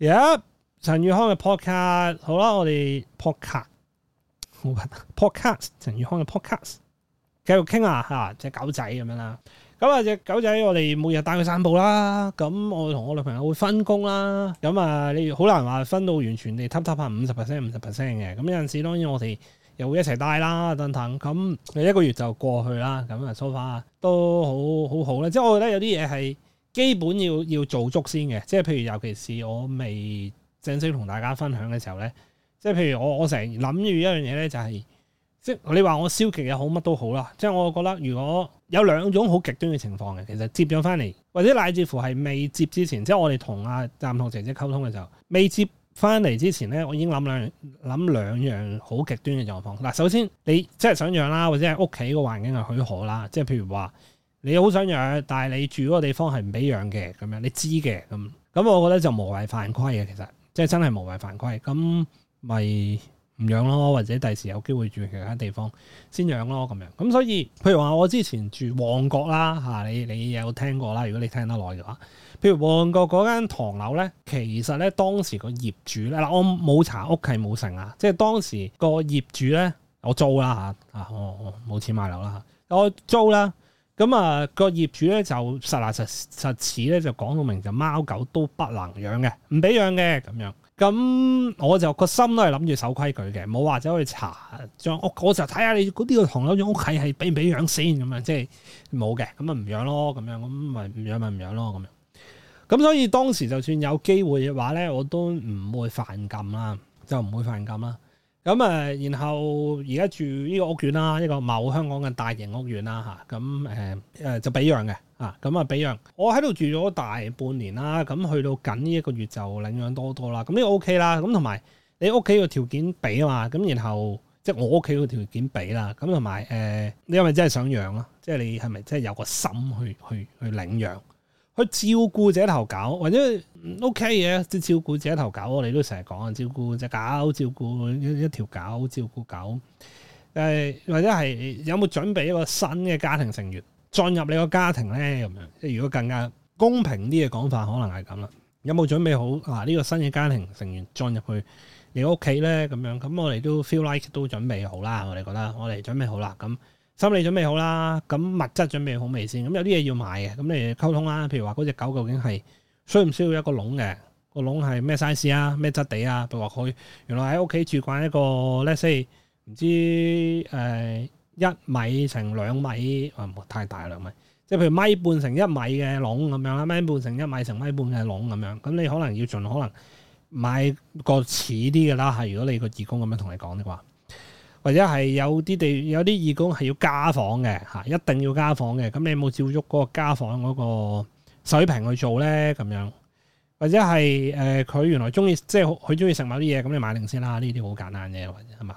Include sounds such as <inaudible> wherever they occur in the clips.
Yep，陳宇康嘅 podcast 好啦，我哋 Pod <laughs> podcast 好 Pod 啊，podcast 陳宇康嘅 podcast 繼續傾下，吓，隻狗仔咁樣啦。咁啊隻狗仔我哋每日帶佢散步啦，咁我同我女朋友會分工啦。咁啊，你好難話分到完全地，top top 下五十 percent，五十 percent 嘅。咁有陣時當然我哋又會一齊帶啦，等等。咁你一個月就過去啦。咁啊，so far 都好，好好好啦。即係我覺得有啲嘢係。基本要要做足先嘅，即係譬如尤其是我未正式同大家分享嘅時候咧，即係譬如我我成日諗住一樣嘢咧，就係即係你話我消極又好乜都好啦，即係我覺得如果有兩種好極端嘅情況嘅，其實接咗翻嚟或者乃至乎係未接之前，即係我哋同阿湛同姐姐溝通嘅時候，未接翻嚟之前咧，我已經諗兩諗兩樣好極端嘅狀況。嗱，首先你即係想養啦，或者係屋企個環境係許可啦，即係譬如話。你好想養，但係你住嗰個地方係唔俾養嘅咁樣，你知嘅咁，咁我覺得就無謂犯規嘅，其實即係真係無謂犯規，咁咪唔養咯，或者第時有機會住其他地方先養咯，咁樣。咁、嗯、所以譬如話，我之前住旺角啦嚇，你你有聽過啦，如果你聽得耐嘅話，譬如旺角嗰間唐樓咧，其實咧當時個業主咧嗱，我冇查屋契冇成啊，即係當時個業主咧，我租啦嚇，啊我我冇錢買樓啦，我租啦。啊我咁啊，個、嗯、業主咧就實拿實實似咧，就講到明就貓狗都不能養嘅，唔俾養嘅咁樣。咁我就個心都係諗住守規矩嘅，冇話走去查將我我就睇下你嗰啲個同樓嘅屋企係俾唔俾養先咁樣，即係冇嘅，咁啊唔養咯咁樣，咁咪唔養咪唔養咯咁樣。咁所以當時就算有機會嘅話咧，我都唔會犯禁啦，就唔會犯禁啦。咁誒、嗯，然後而家住呢個屋苑啦，呢個某香港嘅大型屋苑啦嚇。咁誒誒就俾養嘅啊，咁、嗯呃、啊俾養、嗯。我喺度住咗大半年啦，咁、嗯、去到緊呢一個月就領養多多啦。咁、嗯、呢、這個 OK 啦。咁同埋你屋企個條件俾啊嘛。咁然後即係、就是、我屋企個條件俾啦。咁同埋誒，你係咪真係想養咯？即、就、係、是、你係咪真係有個心去去去領養？去照顧這頭狗，或者 O K 嘅，即、嗯 okay、照顧這頭狗，我哋都成日講啊，照顧隻狗，照顧一一條狗，照顧狗，誒、呃，或者係有冇準備一個新嘅家庭成員進入你個家庭呢，咁樣，即如果更加公平啲嘅講法，可能係咁啦。有冇準備好啊？呢、呢個新嘅家庭成員 join 入去你屋企呢咁樣，咁我哋都 feel like 都準備好啦。我哋覺得我哋準備好啦。咁。心理準備好啦，咁物質準備好未先？咁有啲嘢要買嘅，咁你溝通啦。譬如話嗰隻狗究竟係需唔需要一個籠嘅？個籠係咩 size 啊？咩質地啊？譬如話佢原來喺屋企住慣一個 let say，即係唔知誒一米乘兩米，唔太大兩米。即係譬如米半乘一米嘅籠咁樣啦，米半乘一米乘米半嘅籠咁樣。咁你可能要盡可能買個似啲嘅啦。係如果你個義工咁樣同你講嘅話。或者係有啲地有啲義工係要家訪嘅嚇，一定要家訪嘅。咁你有冇照足嗰個家訪嗰個水平去做咧？咁樣或者係誒，佢原來中意即係佢中意食某啲嘢，咁你買定先啦。呢啲好簡單嘅，或者係嘛、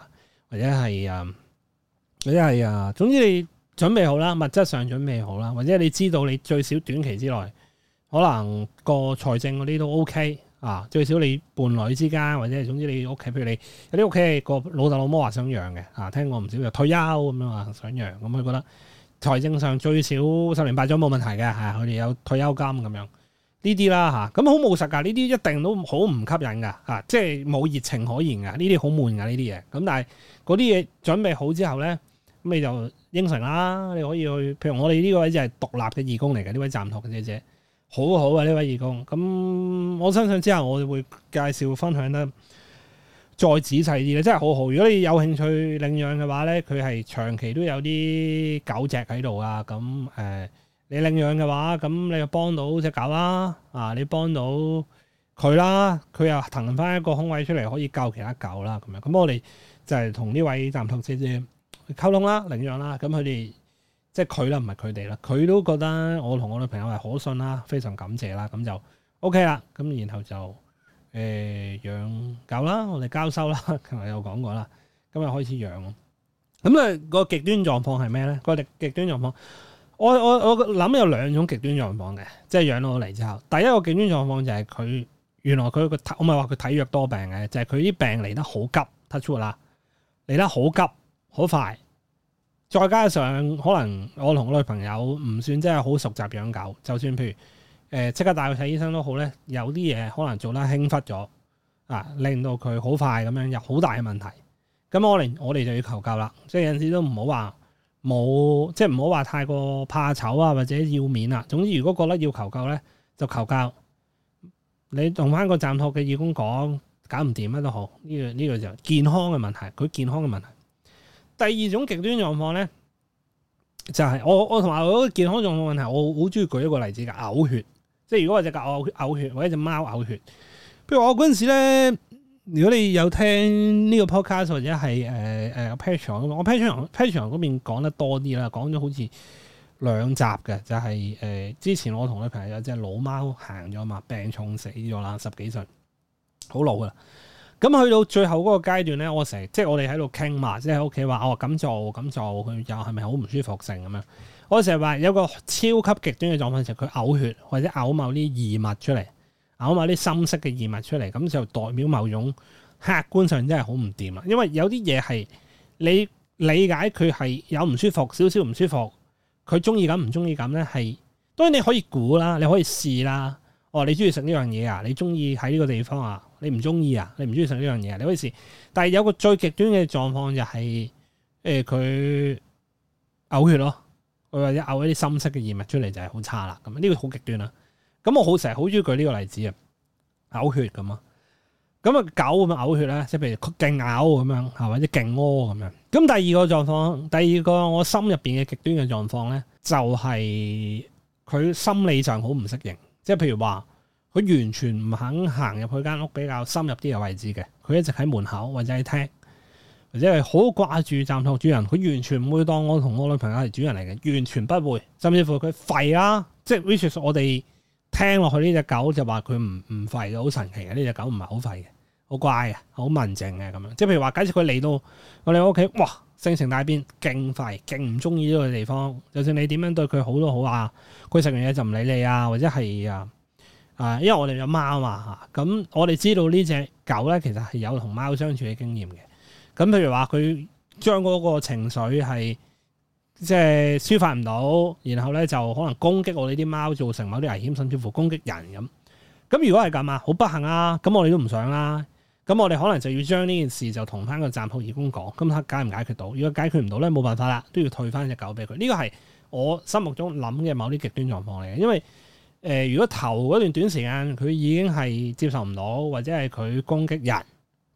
呃？或者係誒，或者係啊、呃。總之你準備好啦，物質上準備好啦，或者你知道你最少短期之內可能個財政嗰啲都 OK。啊，最少你伴侶之間，或者總之你屋企，譬如你有啲屋企個老豆老母話想養嘅，啊聽過唔少，又退休咁樣話想養，咁、啊、佢覺得財政上最少十年八載冇問題嘅，係佢哋有退休金咁樣呢啲啦，嚇咁好務實噶，呢啲一定都好唔吸引噶，嚇、啊、即係冇熱情可言嘅，呢啲好悶噶呢啲嘢，咁、啊、但係嗰啲嘢準備好之後咧，咁你就應承啦，你可以去，譬如我哋呢位就係獨立嘅義工嚟嘅呢位站台嘅姐姐。好好啊！呢位義工，咁我相信之後我會介紹分享得再仔細啲咧，真係好好。如果你有興趣領養嘅話咧，佢係長期都有啲狗隻喺度啊。咁誒、呃，你領養嘅話，咁你又幫到隻狗啦，啊，你幫到佢啦，佢又騰翻一個空位出嚟，可以救其他狗啦。咁樣，咁我哋就係同呢位站頭姐姐溝通啦，領養啦，咁佢哋。即係佢啦，唔係佢哋啦。佢都覺得我同我女朋友係可信啦，非常感謝啦。咁就 OK 啦。咁然後就誒、欸、養狗啦，我哋交收啦，琴日有講過啦。咁又開始養。咁、那、啊個極端狀況係咩咧？個極端狀況，我我我諗有兩種極端狀況嘅，即係養到我嚟之後，第一個極端狀況就係佢原來佢個我唔係話佢體弱多病嘅，就係佢啲病嚟得好急，突出啦，嚟得好急，好快。再加上可能我同我女朋友唔算真係好熟習養狗，就算譬如誒即刻帶佢睇醫生都好咧，有啲嘢可能做得輕忽咗啊，令到佢好快咁樣有好大嘅問題。咁我連我哋就要求救啦，即係有陣時都唔好話冇，即係唔好話太過怕醜啊，或者要面啊。總之如果覺得要求救咧，就求救。你同翻個暫託嘅義工講，搞唔掂乜都好，呢個呢個就健康嘅問題，佢健康嘅問題。第二種極端狀況咧，就係、是、我我同埋嗰個健康狀況問題，我好中意舉一個例子嘅，嘔血，即係如果隻狗嘔血或者隻貓嘔血，譬如我嗰陣時咧，如果你有聽呢個 podcast 或者係誒誒 Patreon 我 Patreon Patreon 嗰邊講得多啲啦，講咗好似兩集嘅，就係、是、誒、呃、之前我同女朋友有隻老貓行咗嘛，病重死咗啦，十幾歲，好老噶啦。咁去到最後嗰個階段咧，我成日即係我哋喺度傾嘛，即係喺屋企話哦，咁就咁就佢又係咪好唔舒服性咁樣？我成日話有個超級極端嘅狀況，就係佢嘔血或者嘔某啲異物出嚟，嘔某啲深色嘅異物出嚟，咁就代表某種客觀上真係好唔掂啊！因為有啲嘢係你理解佢係有唔舒服，少少唔舒服，佢中意咁唔中意咁咧，係當然你可以估啦，你可以試啦。哦，你中意食呢樣嘢啊？你中意喺呢個地方啊？你唔中意啊？你唔中意食呢樣嘢？你可以試。但係有個最極端嘅狀況就係、呃，誒佢嘔血咯，或者嘔一啲深色嘅異物出嚟就係好差啦。咁呢個好極端啦。咁我好成日好中意舉呢個例子啊，嘔血咁啊。咁啊狗會唔會嘔血咧？即係譬如佢勁嘔咁樣，係或者勁屙咁樣。咁第二個狀況，第二個我心入邊嘅極端嘅狀況咧，就係、是、佢心理上好唔適應，即係譬如話。佢完全唔肯行入去間屋，比較深入啲嘅位置嘅。佢一直喺門口，或者喺廳，或者係好掛住站托主人。佢完全唔會當我同我女朋友係主人嚟嘅，完全不會。甚至乎佢吠啊，即係 which 我哋聽落去呢隻狗就話佢唔唔吠嘅，好神奇嘅呢隻狗唔係好吠嘅，好乖嘅，好文靜嘅咁樣。即係譬如話，假設佢嚟到我哋屋企，哇，性情大變，勁吠，勁唔中意呢個地方。就算你點樣對佢好都好啊，佢食完嘢就唔理你啊，或者係啊。啊，因為我哋有貓啊嘛，咁我哋知道呢隻狗咧，其實係有同貓相處嘅經驗嘅。咁譬如話，佢將嗰個情緒係即係抒發唔到，然後咧就可能攻擊我哋啲貓，造成某啲危險，甚至乎攻擊人咁。咁如果係咁啊，好不幸啊，咁我哋都唔想啦、啊。咁我哋可能就要將呢件事就同翻個暫托義工講，咁睇解唔解決到。如果解決唔到咧，冇辦法啦，都要退翻隻狗俾佢。呢個係我心目中諗嘅某啲極端狀況嚟嘅，因為。誒、呃，如果頭嗰段短時間佢已經係接受唔到，或者係佢攻擊人、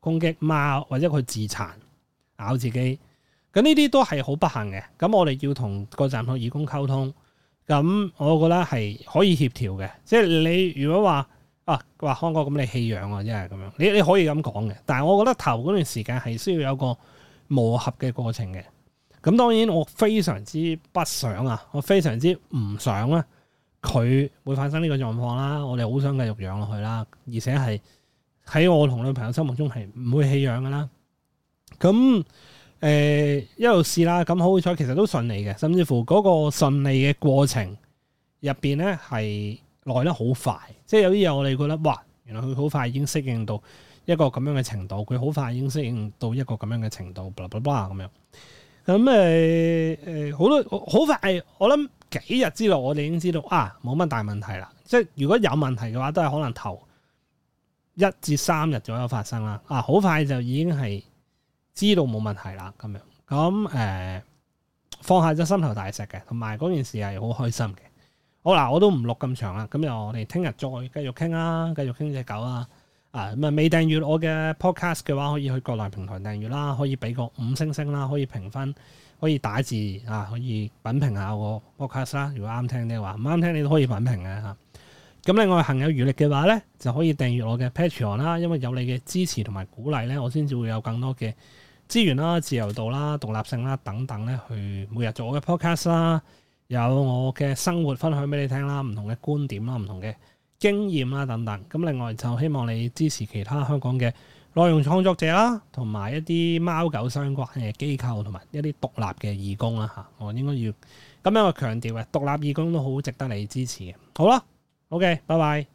攻擊貓，或者佢自殘咬自己，咁呢啲都係好不幸嘅。咁我哋要同個站台義工溝通，咁我覺得係可以協調嘅。即係你如果話啊，佢話康哥，咁你棄養啊，即係咁樣，你你可以咁講嘅。但係我覺得頭嗰段時間係需要有個磨合嘅過程嘅。咁當然我非常之不想啊，我非常之唔想啦。佢會發生呢個狀況啦，我哋好想繼續養落去啦，而且係喺我同女朋友心目中係唔會棄養㗎啦。咁誒、呃、一路試啦，咁好彩其實都順利嘅，甚至乎嗰個順利嘅過程入邊呢係嚟得好快，即係有啲嘢我哋覺得，哇！原來佢好快已經適應到一個咁樣嘅程度，佢好快已經適應到一個咁樣嘅程度，咁樣。咁誒誒好多好快，我諗幾日之內我哋已經知道啊，冇乜大問題啦。即係如果有問題嘅話，都係可能頭一至三日左右發生啦。啊，好快就已經係知道冇問題啦，咁樣。咁、嗯、誒、嗯、放下咗心頭大石嘅，同埋嗰件事係好開心嘅。好啦，我都唔錄咁長啦。咁又我哋聽日再繼續傾啦，繼續傾隻狗啦。啊咁啊未訂閱我嘅 podcast 嘅話，可以去各大平台訂閱啦，可以俾個五星星啦，可以評分，可以打字啊，可以品評下我 podcast 啦。如果啱聽，你話唔啱聽，你都可以品評嘅嚇。咁、啊、另外，行有餘力嘅話咧，就可以訂閱我嘅 Patreon 啦。因為有你嘅支持同埋鼓勵咧，我先至會有更多嘅資源啦、自由度啦、獨立性啦等等咧，去每日做我嘅 podcast 啦，有我嘅生活分享俾你聽啦，唔同嘅觀點啦，唔同嘅。經驗啦等等，咁另外就希望你支持其他香港嘅內容創作者啦，同埋一啲貓狗相關嘅機構，同埋一啲獨立嘅義工啦嚇，我應該要咁樣去強調嘅，獨立義工都好值得你支持嘅。好啦，OK，拜拜。